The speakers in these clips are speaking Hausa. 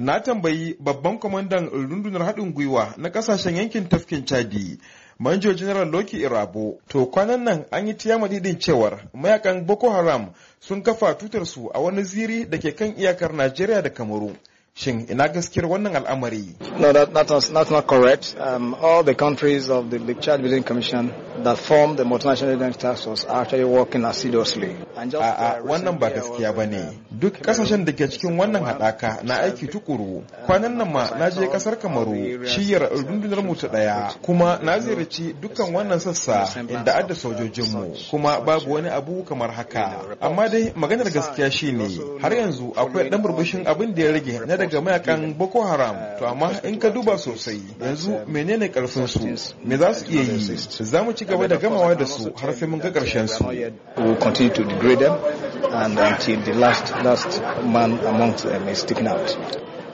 na tambayi babban kwamandan rundunar haɗin gwiwa na ƙasashen yankin tafkin chadi manjo general loki irabo to kwanan nan an yi tiyama didin cewar mayakan boko haram sun kafa tutarsu a wani ziri da ke kan iyakar najeriya da kamaru Shin ina gaskiyar wannan al'amari? No, that, that's, that's not correct. Um, all the countries of the, the Chad Building Commission that form the multinational task force are actually working assiduously. A'a, uh, wannan ba gaskiya ba ne. Uh, duk kasashen da ke cikin wannan haɗaka na aiki tukuru kwanan nan ma na je ƙasar kamaru shiyar rundunar mu ta ɗaya kuma na ziyarci dukkan wannan sassa inda adda sojojinmu kuma babu wani abu kamar haka amma dai maganar gaskiya shine har yanzu akwai ɗan burbushin abin da ya rage na daga mayakan boko haram to amma in ka duba sosai yanzu menene karfin su me za su iya yi za mu ci gaba da gamawa da su har sai mun ga ƙarshen su and until the last last man amongst them is taken out.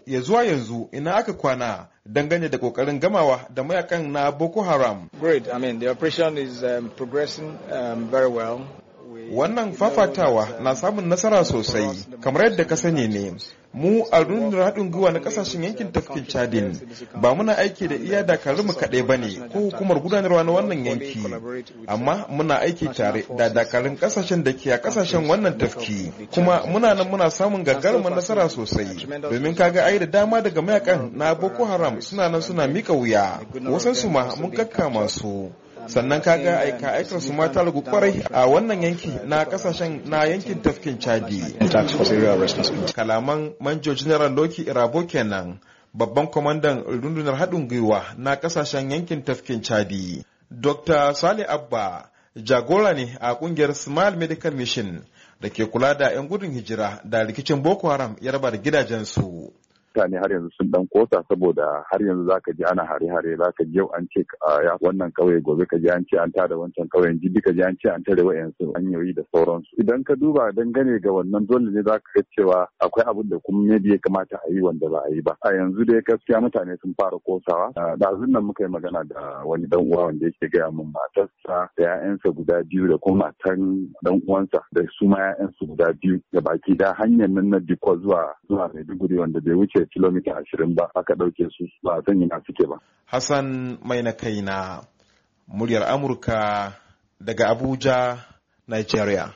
Ya zuwa yanzu ina aka kwana dangane da kokarin gamawa da mayakan na Boko Haram. Great, I mean the operation is um, progressing um, very well. Wannan fafatawa na samun nasara sosai, kamar yadda ka sani ne, mu a rundunar haɗin gwiwa na ƙasashen yankin tafkin Chadin ba muna aiki da iya dakarunmu kaɗai ba ne ko hukumar gudanarwa na wannan yanki, amma muna aiki tare da dakarun ƙasashen da ke a ƙasashen wannan tafki, kuma muna nan muna samun gagarumin nasara sosai, domin kaga ai da dama daga mayakan na Boko Haram suna nan suna mika wuya, wasansu ma mun kakkama su. sannan kaga aika aikar su mata lagu kwarai a wannan yanki na kasashen na yankin tafkin chadi kalaman manjo general loki irabo kenan babban kwamandan rundunar haɗin gwiwa na kasashen yankin tafkin chadi dr sale abba jagora ne a kungiyar Small medical mission da ke kula da 'yan gudun hijira da rikicin boko haram ya raba da gidajensu mutane har yanzu sun dan kosa saboda har yanzu zaka ji ana hare-hare zaka ji yau an ce ya wannan kauye gobe ka ji an ce an tada wancan kauyen jibi ka ji an ce an tare wayansu hanyoyi da sauransu idan ka duba dangane ga wannan dole ne zaka ga cewa akwai abin da kuma maybe ya kamata a yi wanda ba a yi ba a yanzu dai gaskiya mutane sun fara kosawa ɗazun nan muka yi magana da wani dan uwa wanda yake gaya min matarsa da 'ya'yansa guda biyu da kuma matan dan uwansa da su ma 'ya'yansu guda biyu da baki da hanyar nan na diko zuwa zuwa maiduguri wanda bai wuce kilomita ashirin ba aka ɗauke su ba a san ina suke ba. Hassan mai na kai na muryar Amurka daga Abuja, Nigeria.